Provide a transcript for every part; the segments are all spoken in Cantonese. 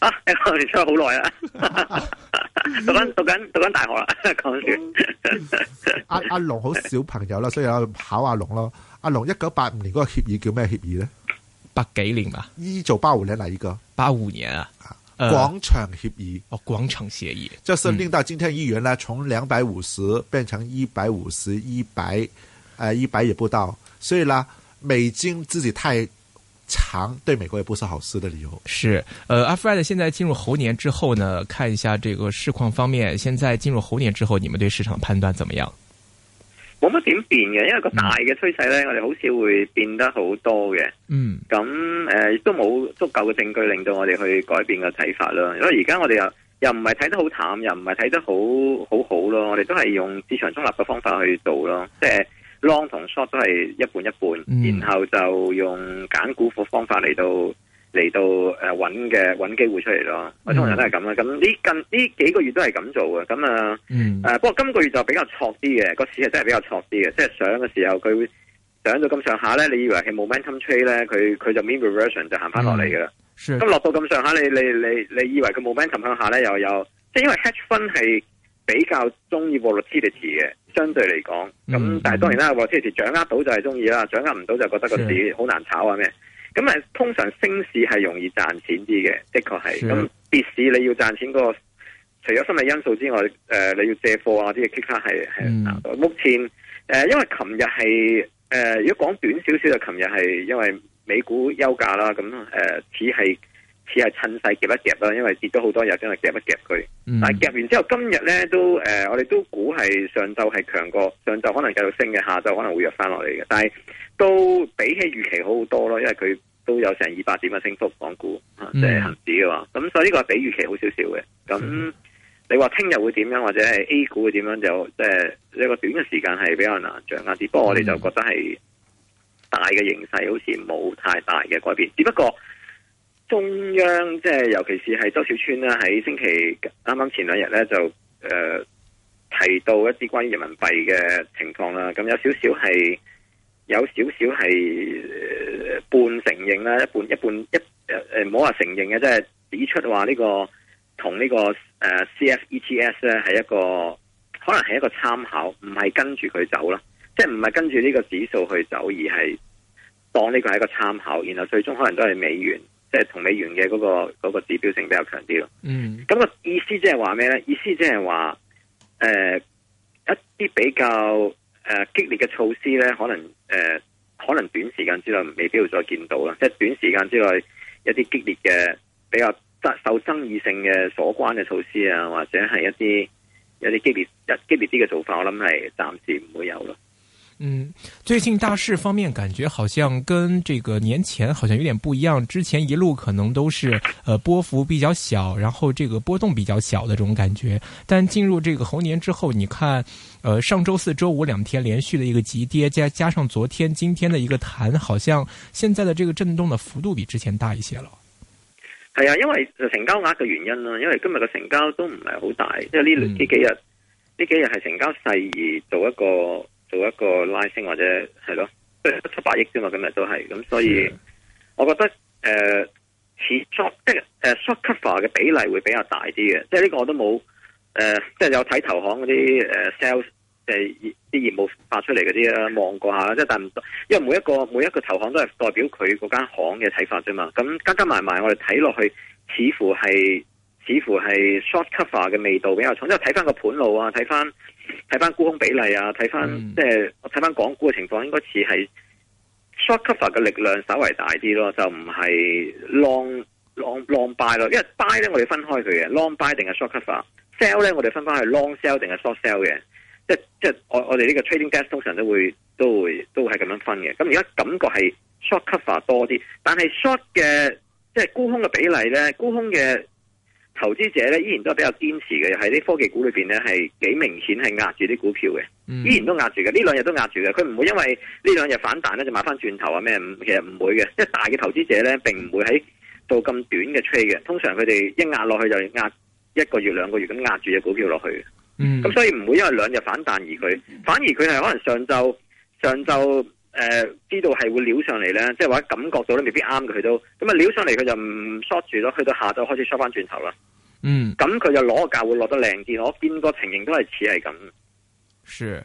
啊！你出嚟好耐啦，讀緊讀緊讀緊大學啦，講笑。阿 阿、啊啊、龍好小朋友啦，所以我考阿、啊、龍咯。阿、啊、龍一九八五年嗰個協議叫咩協議咧？八幾年嘛？依做包胡嶺嗱呢個。八五年啊，啊廣場協議、呃、哦，廣場協議，就是令到今天一元呢，從兩百五十變成一百五十，一百誒，一百也不到，所以啦，美金自己太。長對美國也不是好事的理由。是，呃，阿 Fred 現在進入猴年之後呢，看一下這個市況方面。現在進入猴年之後，你們對市場判斷怎麼樣？冇乜點變嘅，因為個大嘅趨勢呢，嗯、我哋好少會變得好多嘅。嗯。咁誒、呃，都冇足夠嘅證據令到我哋去改變個睇法啦。因為而家我哋又又唔係睇得好淡，又唔係睇得好好好咯。我哋都係用市場中立嘅方法去做咯，即係。long 同 short 都係一半一半，嗯、然後就用揀股股方法嚟到嚟到誒揾嘅揾機會出嚟咯，通常都係咁啦。咁、嗯、呢近呢幾個月都係咁做嘅，咁啊誒、嗯啊，不過今個月就比較挫啲嘅，個市係真係比較挫啲嘅。即係上嘅時候佢上到咁上下咧，你以為佢 momentum trade 咧，佢佢就 mean reversion 就行翻落嚟噶啦。咁、嗯、落到咁上下，你你你你，你以為佢 momentum 向下咧，又有，即係因為 hedge fund 係。比較中意 Volatility 嘅，相對嚟講，咁、嗯、但係當然啦，Volatility 掌握到就係中意啦，掌握唔到就覺得個市好難炒啊咩？咁誒，通常升市係容易賺錢啲嘅，的確係。咁跌市你要賺錢嗰個，除咗心理因素之外，誒、呃、你要借貨啊啲其他係係、嗯、目前誒、呃，因為琴日係誒，如果講短少少就琴日係因為美股休假啦，咁、呃、誒只係。似係趁勢夾一夾啦，因為跌咗好多日，真係夾一夾佢。但係夾完之後，今日咧都誒、呃，我哋都估係上晝係強過，上晝可能繼續升嘅，下晝可能會弱翻落嚟嘅。但係都比起預期好好多咯，因為佢都有成二百點嘅升幅港股、嗯，即係恒指嘅話。咁所以呢個比預期好少少嘅。咁你話聽日會點樣，或者係 A 股會點樣，就即係呢個短嘅時間係比較難掌握啲。不、嗯、過我哋就覺得係大嘅形勢好似冇太大嘅改變，只不過。中央即係，尤其是係周小川啦，喺星期啱啱前兩日咧就誒、呃、提到一啲關於人民幣嘅情況啦。咁有少少係有少少係、呃、半承認啦，一半一半一誒誒，唔好話承認嘅，即係指出話呢個同呢個誒、呃、CFETS 咧係一個可能係一個參考，唔係跟住佢走啦，即係唔係跟住呢個指數去走，而係當呢個係一個參考，然後最終可能都係美元。即係同美元嘅嗰個嗰個指標性比較強啲咯。嗯，咁個意思即係話咩咧？意思即係話，誒，一啲比較誒，激烈嘅措施咧，可能誒，可能短時間之內未必要再見到啦。即係短時間之內一啲激烈嘅、比較受爭議性嘅鎖關嘅措施啊，或者係一啲有啲激、激烈、一激烈啲嘅做法，我諗係暫時唔會有咯。嗯，最近大市方面感覺好像跟這個年前好像有點不一樣。之前一路可能都是呃波幅比較小，然後這個波動比較小的這種感覺。但進入這個猴年之後，你看，呃上周四周五兩天連續的一個急跌，加加上昨天今天的一個彈，好像現在的這個震動的幅度比之前大一些了。係啊，因為成交額嘅原因啦、啊，因為今日嘅成交都唔係好大，因為呢幾日呢、嗯、幾日係成交細到一個。做一個拉升或者係咯，都七八億啫嘛，今日都係咁，所以我覺得誒、呃、似 short 即係誒，short cover 嘅比例會比較大啲嘅，即係呢個我都冇誒，即係有睇投行嗰啲誒 sales 係啲業務發出嚟嗰啲啦，望過下啦，即係但唔，因為每一個每一個投行都係代表佢嗰間行嘅睇法啫嘛，咁加加埋埋我哋睇落去，似乎係似乎係 short cover 嘅味道比較重，即係睇翻個盤路啊，睇翻。睇翻沽空比例啊，睇翻、嗯、即係我睇翻港股嘅情況，應該似係 short cover 嘅力量稍微大啲咯，就唔係 long long long buy 咯，因為 buy 咧我哋分開佢嘅 long buy 定係 short cover，sell 咧我哋分翻去 long sell 定係 short sell 嘅，即即係我我哋呢個 trading desk 通常都會都會都係咁樣分嘅，咁而家感覺係 short cover 多啲，但係 short 嘅即係沽空嘅比例咧，沽空嘅。投資者咧依然都係比較堅持嘅，喺啲科技股裏邊咧係幾明顯係壓住啲股票嘅，依然都壓住嘅。呢兩日都壓住嘅，佢唔會因為呢兩日反彈咧就買翻轉頭啊咩？其實唔會嘅，即係大嘅投資者咧並唔會喺到咁短嘅 trade 嘅，通常佢哋一壓落去就壓一個月兩個月咁壓住隻股票落去。咁、嗯嗯、所以唔會因為兩日反彈而佢，反而佢係可能上晝上晝。誒、呃，知道係會撩上嚟咧，即係話感覺到咧，未必啱嘅佢都，咁啊撩上嚟佢就唔 short 住咯，去到下晝開始 short 翻轉頭啦。嗯，咁佢就攞個價會落得靚啲，我邊個情形都係似係咁。是。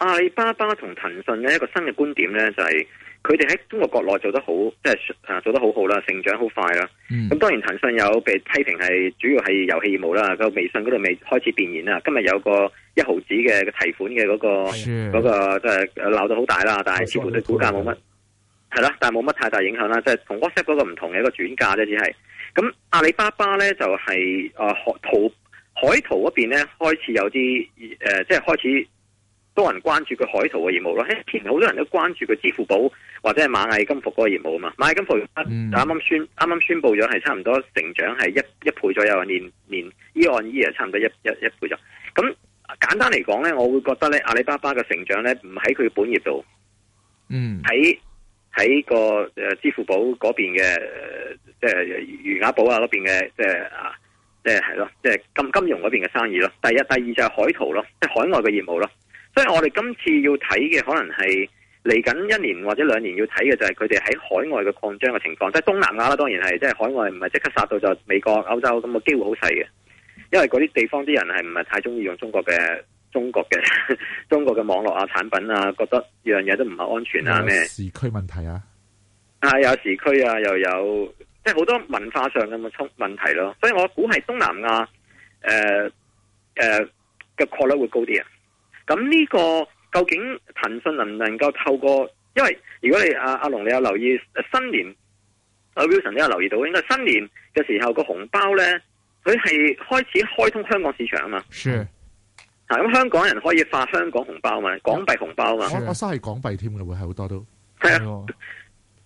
阿里巴巴同騰訊咧，一個新嘅觀點咧，就係佢哋喺中國國內做得好，即係啊做得好好啦，成長好快啦。咁、嗯、當然騰訊有被批評係主要係遊戲業務啦，個微信嗰度未開始變現啦。今日有一個一毫子嘅提款嘅嗰、那個嗰、那個即係鬧到好大啦，但係似乎對股價冇乜係咯，但係冇乜太大影響啦。即、就、係、是、同 WhatsApp 嗰個唔同嘅一個轉價啫，只係咁，阿里巴巴咧就係、是、啊淘海淘嗰邊咧開始有啲誒、呃，即係開始。好多人關注佢海淘嘅業務咯，其實好多人都關注佢支付寶或者係螞蟻金服嗰個業務啊嘛。螞蟻金服啱啱宣啱啱、mm. 宣布咗係差唔多成長係一一倍左右，年年呢 year on year 差唔多一一一倍咗。咁簡單嚟講咧，我會覺得咧，阿里巴巴嘅成長咧唔喺佢本業度，嗯、mm.，喺喺個誒支付寶嗰邊嘅即係餘額寶啊嗰邊嘅即係啊即係係咯，即、呃、係、呃就是、金金融嗰邊嘅生意咯。第一、第二就係海淘咯，即係海外嘅業務咯。所以我哋今次要睇嘅可能係嚟緊一年或者兩年要睇嘅就係佢哋喺海外嘅擴張嘅情況，即係東南亞啦，當然係即係海外唔係即刻殺到就美國、歐洲，咁嘅機會好細嘅，因為嗰啲地方啲人係唔係太中意用中國嘅中國嘅中國嘅網絡啊產品啊，覺得樣嘢都唔係安全啊咩？有時區問題啊，係有時區啊，又有即係好多文化上咁嘅衝問題咯。所以我估係東南亞誒誒嘅擴率會高啲啊。咁呢、呢個究竟騰訊能唔能夠透過？因為如果你阿、啊、阿龍你有留意，新年阿 Wilson、啊、你有留意到，應該新年嘅時候個紅包呢，佢係開始開通香港市場啊嘛。係！咁、嗯嗯嗯、香港人可以發香港紅包嘛，港幣紅包嘛。我我係港幣添嘅，會係好多都。係啊。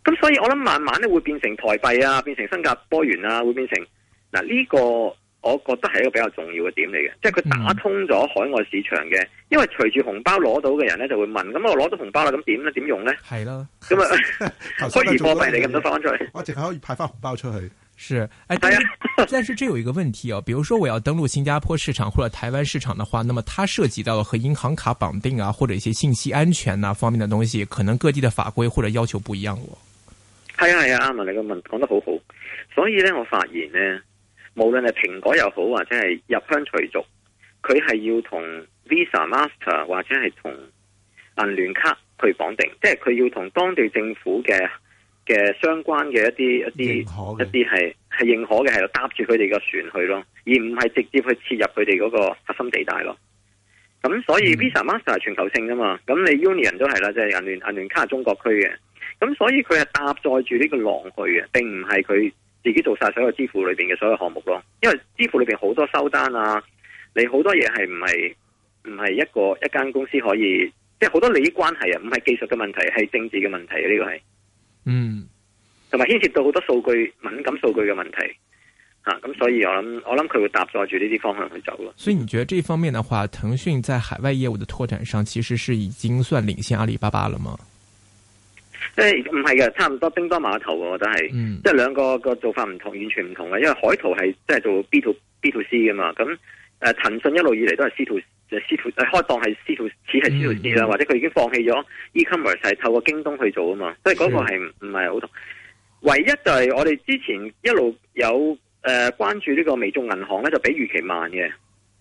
咁所以，我諗慢慢咧會變成台幣啊，變成新加坡元啊，會變成嗱呢、啊呢個。我覺得係一個比較重要嘅點嚟嘅，即係佢打通咗海外市場嘅、嗯。因為隨住紅包攞到嘅人咧，就會問，咁我攞到紅包啦，咁點咧？點用咧？係咯，咁啊， 不如破費你咁多出去，我淨係可以派翻紅包出去。是，係、哎、啊。但是， 但是這有一個問題啊、哦。比如說我要登陸新加坡市場或者台灣市場的話，那麼它涉及到和銀行卡綁定啊，或者一些信息安全啊方面的東西，可能各地的法規或者要求不一樣、哦。係啊係啊，阿文、啊啊、你個問講得好好，所以咧，我發現咧。無論係蘋果又好，或者係入鄉隨俗，佢係要同 Visa、Master 或者係同銀聯卡佢綁定，即係佢要同當地政府嘅嘅相關嘅一啲一啲一啲係係認可嘅，係搭住佢哋嘅船去咯，而唔係直接去切入佢哋嗰個核心地帶咯。咁所以 Visa、Master 係全球性噶嘛，咁你 Union 都係啦，即係銀聯銀聯卡係中國區嘅，咁所以佢係搭載住呢個浪去嘅，並唔係佢。自己做晒所有支付裏邊嘅所有項目咯，因為支付裏邊好多收單啊，你好多嘢係唔係唔係一個一間公司可以，即係好多利益關係啊，唔係技術嘅問題，係政治嘅問題，呢個係嗯，同埋牽涉到好多數據敏感數據嘅問題啊，咁所以我諗我諗佢會搭載住呢啲方向去走咯。所以你覺得呢方面嘅話，騰訊在海外業務嘅拓展上，其實是已經算領先阿里巴巴啦嗎？誒，唔係嘅，差唔多。叮當碼頭，我覺得係、嗯，即係兩個個做法唔同，完全唔同嘅。因為海淘係即係做 B, B to B to C 噶嘛，咁誒、呃，騰訊一路以嚟都係 c 圖誒，試圖誒開檔係試圖似係 C to C 啦，或者佢已經放棄咗 e commerce 係透過京東去做啊嘛，所以嗰個係唔係好同。唯一就係我哋之前一路有誒、呃、關注呢個微眾銀行咧，就比預期慢嘅，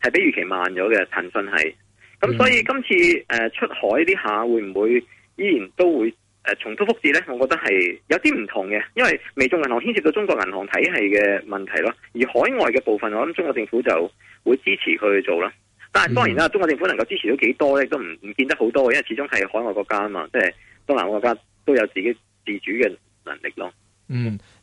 係比預期慢咗嘅騰訊係。咁所以今次誒、呃、出海呢下會唔會依然都會？誒重複復置咧，我覺得係有啲唔同嘅，因為微眾銀行牽涉到中國銀行體系嘅問題咯，而海外嘅部分，我諗中國政府就會支持佢去做啦。但係當然啦，中國政府能夠支持到幾多咧，都唔唔見得好多，因為始終係海外國家啊嘛，即係東南亞國家都有自己自主嘅能力咯。嗯。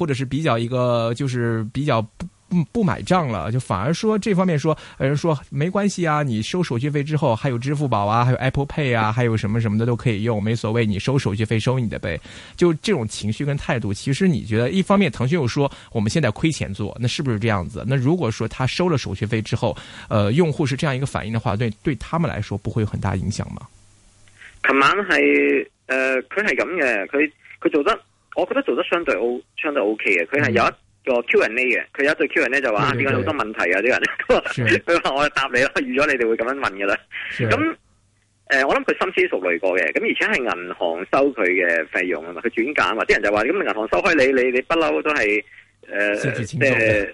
或者是比較一個就是比較不不不買賬了，就反而說這方面說，有、呃、人說沒關係啊，你收手續費之後還有支付寶啊，還有 Apple Pay 啊，還有什麼什麼的都可以用，沒所謂，你收手續費收你的唄。就這種情緒跟態度，其實你覺得一方面騰訊又說我們現在虧錢做，那是不是這樣子？那如果說他收了手續費之後，呃，用戶是這樣一個反應的話，對對他們來說不會有很大影響嗎？琴晚係呃，佢係咁嘅，佢佢做得。我覺得做得相對 O，相對 OK 嘅。佢係有一個 Q&A 嘅，佢有一對 Q&A 就話：，點解好多問題啊？啲、這個、人說，佢、sure. 話、 sure. 呃：，我答你啦，預咗你哋會咁樣問嘅啦。咁，誒，我諗佢深思熟慮過嘅。咁而且係銀行收佢嘅費用啊嘛，佢轉嫁嘛。啲人就話：，咁銀行收開你，你你不嬲都係，誒、呃，即係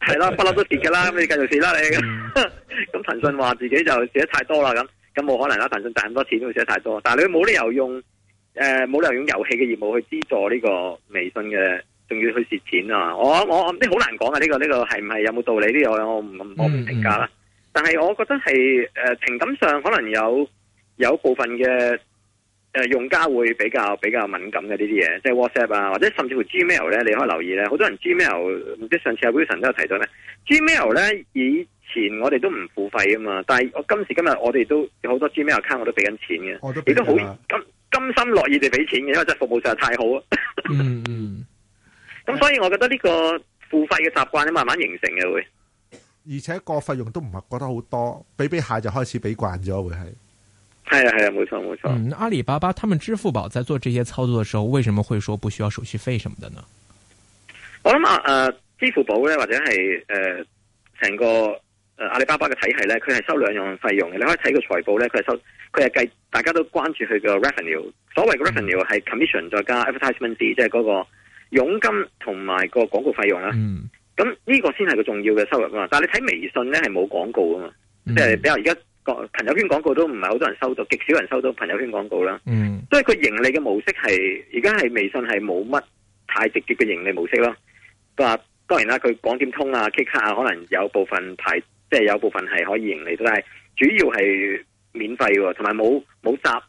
係啦，不嬲都跌嘅啦，咁你繼續跌啦你。咁騰訊話自己就蝕得太多啦，咁咁冇可能啦，騰訊賺咁多錢會蝕得太多，但係你冇理由用。誒、呃，冇理由用遊戲嘅業務去資助呢個微信嘅，仲要去蝕錢啊！我我啲好難講啊！呢、這個呢、這個係唔係有冇道理呢？我我唔我唔評價啦。但係我覺得係誒、呃、情感上可能有有部分嘅誒、呃、用家會比較比較敏感嘅呢啲嘢，即係 WhatsApp 啊，或者甚至乎 Gmail 咧，你可以留意咧，好多人 Gmail 即上次阿 Wilson 都有提到咧。Gmail 咧以前我哋都唔付費噶嘛，但係我今時今日我哋都好多 Gmail account 我都俾緊錢嘅，亦都好咁，甘心樂意地俾錢嘅，因為真係服務上太好啊。嗯嗯。咁 所以我覺得呢個付費嘅習慣咧，慢慢形成嘅會。而且個費用都唔係覺得好多，俾俾下就開始俾慣咗會係。係啊係啊，冇錯冇錯。嗯，阿里巴巴，他們支付寶在做這些操作嘅時候，為什麼會說不需要手續費什麼的呢？我諗啊，誒、呃，支付寶咧或者係誒，成、呃、個。阿里巴巴嘅體系咧，佢係收兩樣費用嘅。你可以睇個財報咧，佢係收佢係計，大家都關注佢嘅 revenue。所謂嘅 revenue 係 commission 再加 advertisements，即係嗰個佣金同埋、嗯、個廣告費用啦。咁呢個先係個重要嘅收入啊。但你睇微信咧係冇廣告啊嘛，即、嗯、係、就是、比較而家朋友圈廣告都唔係好多人收到，極少人收到朋友圈廣告啦、嗯。所以佢盈利嘅模式係而家係微信係冇乜太直接嘅盈利模式咯。咁當然啦，佢廣點通啊、K 卡啊，可能有部分排。即係有部分係可以盈利，但係主要係免費，同埋冇冇雜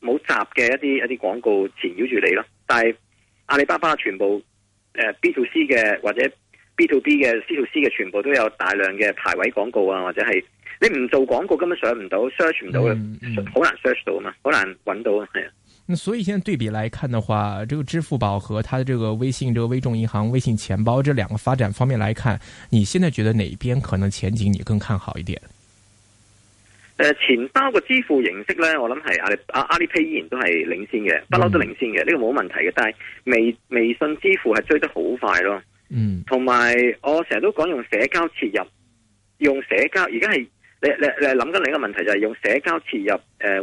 冇雜嘅一啲一啲廣告纏繞住你咯。但係阿里巴巴全部誒、呃、B to C 嘅或者 B to B 嘅 C to C 嘅全部都有大量嘅排位廣告啊，或者係你唔做廣告根本上唔、嗯嗯、到 search 唔到嘅，好難 search 到啊嘛，好難揾到啊，係啊。那所以現在對比來看的話，這個支付寶和它的這個微信、這個微眾銀行、微信錢包這兩個發展方面來看，你現在覺得哪一邊可能前景你更看好一點？誒、呃，錢包嘅支付形式咧，我諗係阿阿阿里 pay 依然都係領先嘅，不嬲都領先嘅，呢、嗯這個冇問題嘅。但係微微信支付係追得好快咯，嗯，同埋我成日都講用社交切入，用社交而家係，你你你諗緊另一個問題就係用社交切入誒。呃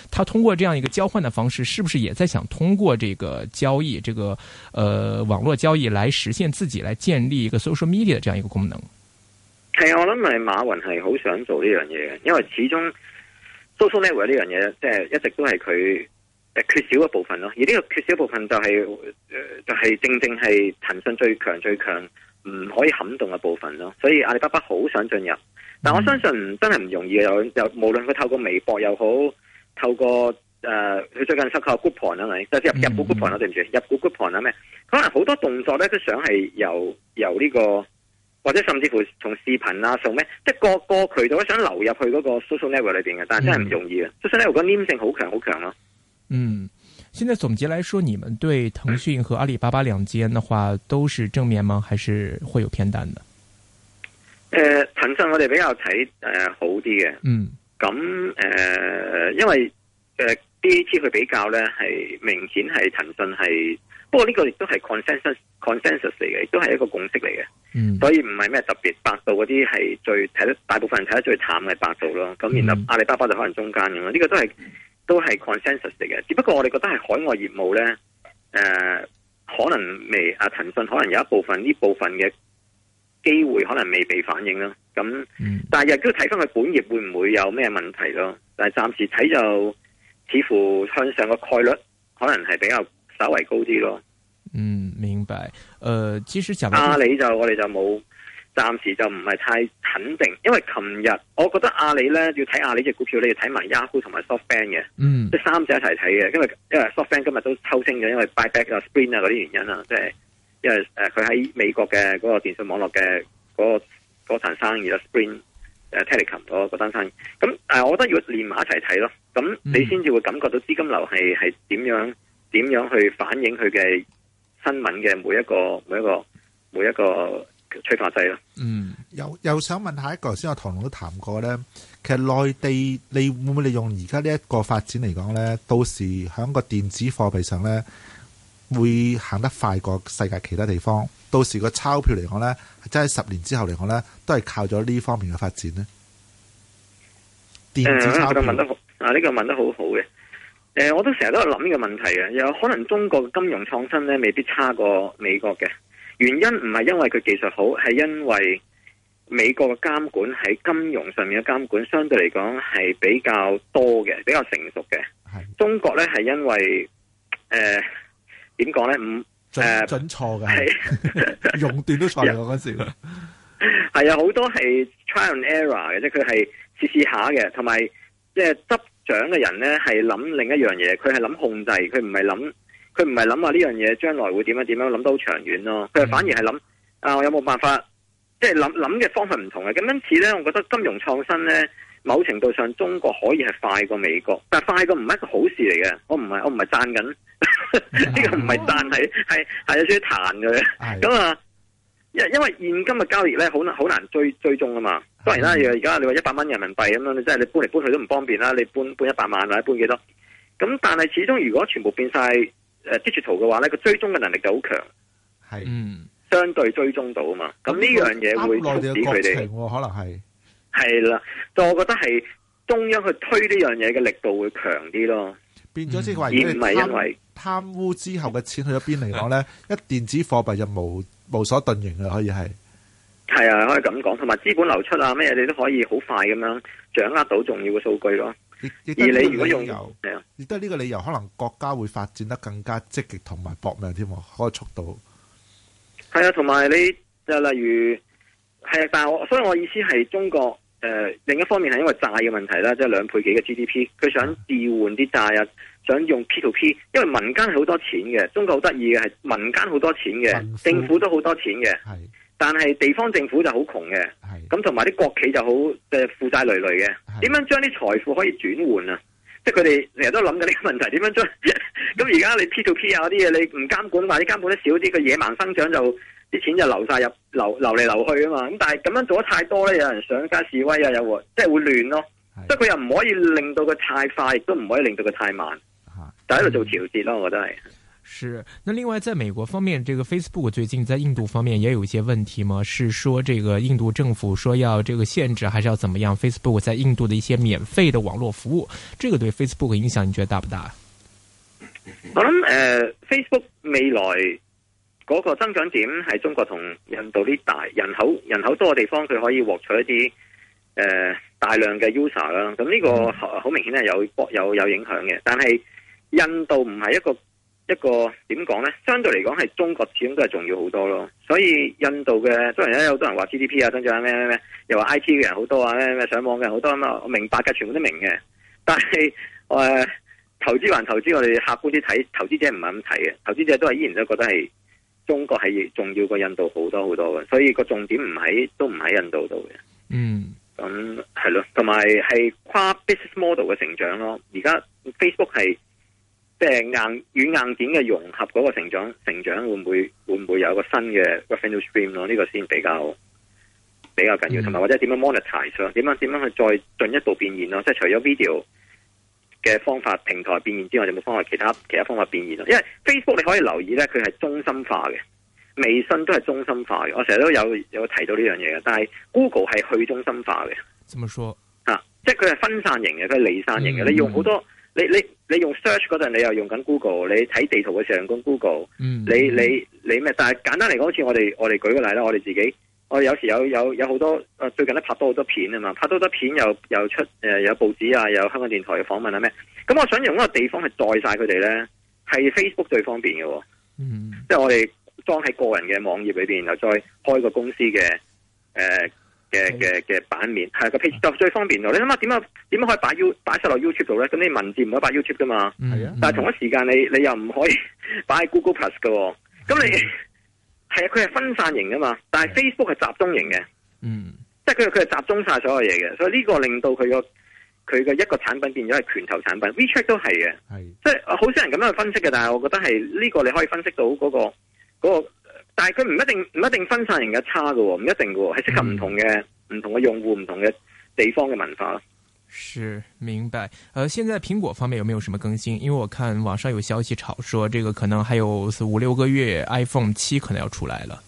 他通過這樣一個交換的方式，是不是也在想通過這個交易，這個，呃，網絡交易來實現自己，來建立一個 social media 的這樣一個功能？係我諗係馬雲係好想做呢樣嘢嘅，因為始終 social network 呢樣嘢即係一直都係佢誒缺少嘅部分咯。而呢個缺少部分就係、是，誒就係、是、正正係騰訊最強最強唔可以撼動嘅部分咯。所以阿里巴巴好想進入，但我相信真係唔容易嘅。又、嗯、又無論佢透過微博又好。透過誒，佢、呃、最近收購 Goodpand 啊，咪即係入入股 Goodpand 啦，嗯、good point，對唔住、嗯，入股 Goodpand 啦、嗯、咩？可能好多動作咧都想係由由呢、呢個或者甚至乎從視頻啊送咩，即係個個渠道都想流入去嗰個 social network 裏邊嘅，但係真係唔容易啊！social network 個黏性好強好強咯。嗯，現在總結來說，你們對騰訊和阿里巴巴兩間嘅話，都是正面嗎？還是會有偏淡嘅？誒、呃，騰訊我哋比較睇誒、呃、好啲嘅，嗯。咁誒、呃，因為誒、呃，B A T 去比較咧，係明顯係騰訊係，不過呢個亦都係 consensus consensus 嚟嘅，亦都係一個共識嚟嘅。嗯，所以唔係咩特別，百度嗰啲係最睇得，大部分人睇得最淡嘅係百度咯。咁然後阿里巴巴就可能中間咁咯，呢、這個都係都係 consensus 嚟嘅。只不過我哋覺得係海外業務咧，誒、呃，可能未啊，騰訊可能有一部分呢部分嘅機會可能未被反映啦。咁、嗯，但係亦都要睇翻佢本業會唔會有咩問題咯？但係暫時睇就似乎向上嘅概率，可能係比較稍微高啲咯。嗯，明白。誒、呃，其實想阿里就我哋就冇，暫時就唔係太肯定，因為琴日我覺得阿里咧，要睇阿里隻股票你要睇埋 Yahoo 同埋 SoftBank 嘅，即、嗯、三隻一齊睇嘅。因為因為 SoftBank 今日都抽升咗，因為 Buyback 啊、Sprint 啊嗰啲原因啊，即、就、係、是、因為誒佢喺美國嘅嗰個電信網絡嘅嗰、那個。嗰單生意啦，Spring 誒 Telecom 嗰個單生意，咁誒，但我覺得要連埋一齊睇咯，咁你先至會感覺到資金流係係點樣，點樣去反映佢嘅新聞嘅每一個每一個每一個催化劑咯。嗯，又又想問一下一個，頭先阿唐龍都談過咧，其實內地你會唔會利用而家呢一個發展嚟講咧，到時喺個電子貨幣上咧？會行得快過世界其他地方，到時個鈔票嚟講呢，真係十年之後嚟講呢，都係靠咗呢方面嘅發展呢電子鈔票，呃、得問得好，啊，呢個問得好好嘅。誒、呃，我都成日都有諗呢個問題嘅，有可能中國嘅金融創新呢，未必差過美國嘅。原因唔係因為佢技術好，係因為美國嘅監管喺金融上面嘅監管相對嚟講係比較多嘅，比較成熟嘅。中國呢，係因為誒。呃點講咧？唔、嗯、準準錯嘅，熔 斷都錯過嗰時。係 啊是，好 多係 trial and error 嘅，即係佢係試試下嘅。同埋，即係執掌嘅人咧，係諗另一樣嘢。佢係諗控制，佢唔係諗，佢唔係諗話呢樣嘢將來會點樣點樣，諗到好長遠咯。佢反而係諗、嗯、啊，我有冇辦法？即係諗諗嘅方向唔同嘅。咁因此咧，我覺得金融創新咧。某程度上，中國可以係快過美國，但係快過唔係一個好事嚟嘅。我唔係，我唔係讚緊，呢、嗯、 個唔係讚，係係係有少少彈嘅。咁、哎、啊，因因為現金嘅交易咧，好難好難追追蹤啊嘛。當然啦、啊，而、嗯、家你話一百蚊人民幣咁樣，你即係你搬嚟搬去都唔方便啦。你搬搬一百萬或者、啊、搬幾多？咁但係始終，如果全部變晒誒 digital 嘅話咧，個追蹤嘅能力就好強，係、嗯、相對追蹤到啊嘛。咁呢、嗯、樣嘢會促使佢哋可能係。係啦，但我覺得係中央去推呢樣嘢嘅力度會強啲咯，變咗即係話而唔係因為貪污之後嘅錢去咗邊嚟講咧，一電子貨幣就無無所遁形嘅，可以係係啊，可以咁講，同埋資本流出啊，咩嘢你都可以好快咁樣掌握到重要嘅數據咯。而你如果用有，而得呢個理由的，可能國家會發展得更加積極同埋搏命添，個速度係啊，同埋你就例如係啊，但係我所以我意思係中國。誒、呃、另一方面係因為債嘅問題啦，即係兩倍幾嘅 GDP，佢想調換啲債啊，想用 P to P，因為民間係好多錢嘅，中國好得意嘅係民間好多錢嘅，政府都好多錢嘅，但係地方政府就好窮嘅，咁同埋啲國企就好誒、就是、負債累累嘅，點樣將啲財富可以轉換啊？即係佢哋成日都諗緊呢個問題，點樣將？咁而家你 P to P 啊嗰啲嘢，你唔監管，或者監管得少啲，個野蠻生長就。啲錢就流晒入流流嚟流去啊嘛，咁但係咁樣做得太多咧，有人上街示威啊，又即係會亂咯。即係佢又唔可以令到佢太快，亦都唔可以令到佢太慢。吓、啊，就喺度做調節咯，我覺得係。是，那另外在美國方面，這個 Facebook 最近在印度方面也有一些問題嗎？是說這個印度政府說要這個限制，還是要怎麼樣？Facebook 在印度的一些免費的網絡服務，這個對 Facebook 的影響你覺得大不大？ 我諗誒、呃、，Facebook 未來。嗰、那個增長點係中國同印度啲大人口人口多嘅地方，佢可以獲取一啲誒、呃、大量嘅 user 啦。咁呢個好明顯係有有有影響嘅。但係印度唔係一個一個點講呢？相對嚟講係中國始終都係重要好多咯。所以印度嘅雖然有好多人話 GDP 啊，增長係咩咩咩，又話 I T 嘅人好多啊，咩咩上網嘅好多咁啊，我明白嘅，全部都明嘅。但係誒、呃、投資還投資，我哋客觀啲睇投資者唔係咁睇嘅，投資者都係依然都覺得係。中國係重要過印度好多好多嘅，所以個重點唔喺都唔喺印度度嘅。Mm. 嗯，咁係咯，同埋係跨 business model 嘅成長咯。而家 Facebook 係即係硬與硬件嘅融合嗰個成長，成長會唔會會唔會有個新嘅 Revenue Stream 咯？呢個先比較比較緊要，Mm. 同埋或者點樣 monetise 咯？點樣點樣去再進一步變現咯？即係除咗 video，嘅方法平台變現之外，有冇方法其他其他方法變現啊？因為 Facebook 你可以留意咧，佢係中心化嘅，微信都係中心化嘅。我成日都有有提到呢樣嘢嘅，但係 Google 係去中心化嘅。怎麼說、啊、即係佢係分散型嘅，佢係離散型嘅、嗯。你用好多，嗯、你你你用 search 嗰陣，你又用緊 Google，你睇地圖嘅時候用 Google，、嗯、你你你咩？但係簡單嚟講，好似我哋我哋舉個例啦，我哋自己。我有時有有有好多，最近咧拍多好多片啊嘛，拍多好多片又又出誒、呃、有報紙啊，又有香港電台嘅訪問啊咩，咁我想用一個地方去載晒佢哋咧，係 Facebook 最方便嘅、啊，嗯，即係我哋裝喺個人嘅網頁裏面，然後再開個公司嘅嘅嘅嘅版面，係個 page 就最方便喎。你諗下點點樣可以擺擺晒落 YouTube 度咧？咁你文字唔可以擺 YouTube 噶嘛？啊、嗯，但係同一時間你你又唔可以擺喺 Google Plus 嘅、啊，咁你。 係啊，佢係分散型噶嘛，但係 Facebook 係集中型嘅，嗯，即係佢佢係集中晒所有嘢嘅，所以呢個令到佢個佢嘅一個產品變咗係拳頭產品，WeChat 都係嘅，係，即係好少人咁樣去分析嘅，但係我覺得係呢個你可以分析到嗰、那個嗰、那個，但係佢唔一定唔一定分散型嘅差噶，唔一定噶，係適合唔同嘅唔、嗯、同嘅用戶、唔同嘅地方嘅文化。是明白，呃，現在蘋果方面有沒有什麼更新？因為我看網上有消息炒說，這個可能還有五六個月 iPhone 七可能要出來了。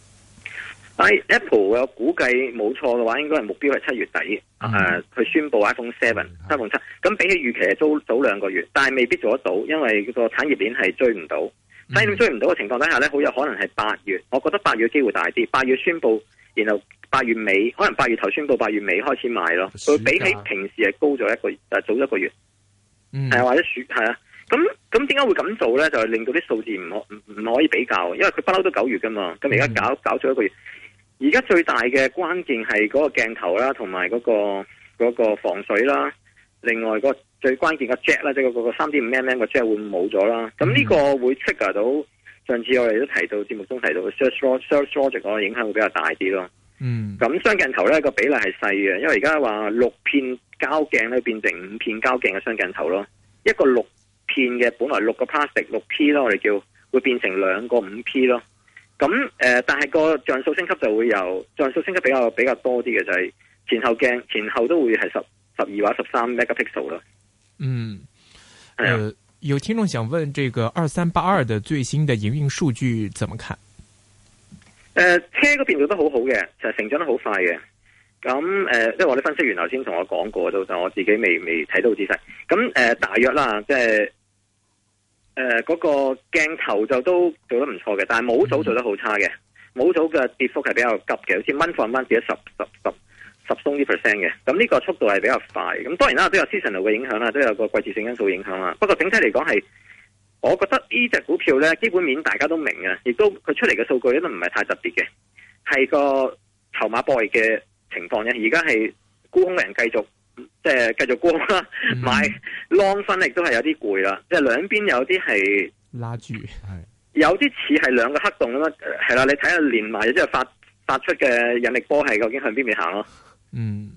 Apple 我估計冇錯嘅話，應該係目標係七月底誒去、嗯呃、宣布 iPhone Seven、嗯、iPhone 七，咁比起預期係早早兩個月，但係未必做得到，因為個產業鏈係追唔到，產業鏈追唔到嘅情況底下呢，好有可能係八月。我覺得八月機會大啲，八月宣布然後。八月尾，可能八月頭宣布，八月尾開始賣咯。佢比起平時係高咗一個月，誒早一個月，係、嗯、啊或者暑係啊。咁咁點解會咁做咧？就係、是、令到啲數字唔可唔唔可以比較，因為佢不嬲都九月噶嘛。咁而家搞搞咗一個月，而、嗯、家最大嘅關鍵係嗰個鏡頭啦，同埋嗰個、嗰個防水啦。另外個最關鍵嘅 jack 啦，即係嗰個三點五 mm 個 jack 會冇咗啦。咁呢個會 trigger 到上次我哋都提到節目中提到 search project 個影響會比較大啲咯。嗯，咁雙鏡頭咧個比例係細嘅，因為而家話六片膠鏡咧變成五片膠鏡嘅雙鏡頭咯，一個六片嘅本來六個 plastic 六 P 咯，6P，我哋叫會變成兩個五 P 咯。咁誒，但係個像素升級就會由像素升級比較比較多啲嘅，就係、是、前後鏡前後都會係十十二或十三 megapixel 啦。嗯，誒、呃，有聽眾想問，這個二三八二的最新的營運數據怎麼看？誒、呃，車嗰邊做得好好嘅，就係、是、成長得好快嘅。咁誒，因、呃、為、就是、我啲分析員頭先同我講過都，但我自己未未睇到個姿勢。咁誒、呃，大約啦，即係誒嗰個鏡頭就都做得唔錯嘅，但係冇組做得好差嘅，冇組嘅跌幅係比較急嘅，好似蚊放蚊跌咗十十十十鬆啲 percent 嘅。咁呢個速度係比較快。咁當然啦，都有 seasonal 嘅影響啦，都有個季節性因素影響啦。不過整體嚟講係。我覺得呢隻股票咧，基本面大家都明嘅，亦都佢出嚟嘅數據咧都唔係太特別嘅，係個籌碼博弈嘅情況。而家係沽空嘅人繼續即係、呃、繼續沽空啦，買 long、嗯、都係有啲攰啦。即係兩邊有啲係拉住，有啲似係兩個黑洞咁樣。係、呃、啦，你睇下連埋即係發發出嘅引力波係究竟向邊邊行咯？嗯，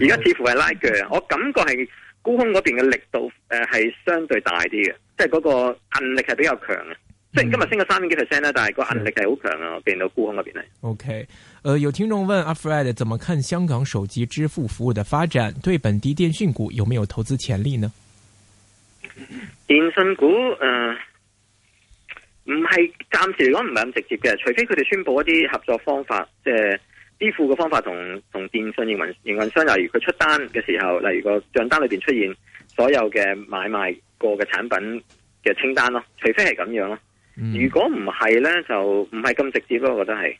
而 家似乎係拉鋸，我感覺係沽空嗰邊嘅力度誒係、呃、相對大啲嘅。即係嗰個壓力係比較強嘅，即係今日升咗三點幾 percent 啦，但係個壓力係好強啊，變到沽空嗰邊咧。OK，誒、呃，有聽眾問阿 Fred，怎麼看香港手機支付服務的發展，對本地電訊股有沒有投資潛力呢？電訊股誒，唔係暫時嚟講唔係咁直接嘅，除非佢哋宣佈一啲合作方法，即係。支付嘅方法同同電信營運營運商，例如佢出單嘅時候，例如個賬單裏邊出現所有嘅買賣過嘅產品嘅清單咯。除非係咁樣咯、嗯，如果唔係咧，就唔係咁直接咯。我覺得係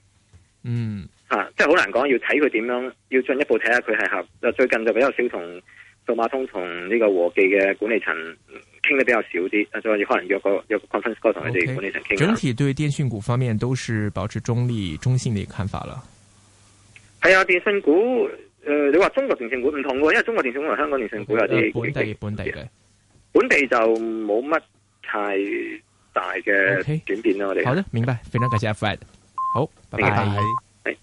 嗯吓、啊，即係好難講，要睇佢點樣，要進一步睇下佢係合。就最近就比較少同數碼通同呢個和記嘅管理層傾得比較少啲、啊、所以可能約個約個 conference call 同佢哋管理層傾。Okay. 整體對電訊股方面都是保持中立中性嘅看法啦。係啊，電信股，誒、呃，你話中國電信股唔同嘅，因為中國電信股同香港電信股有啲本地本地嘅，本地就冇乜太大嘅轉變咯。Okay. 我哋好啦，明白，非常感謝阿 Fred，好，拜拜。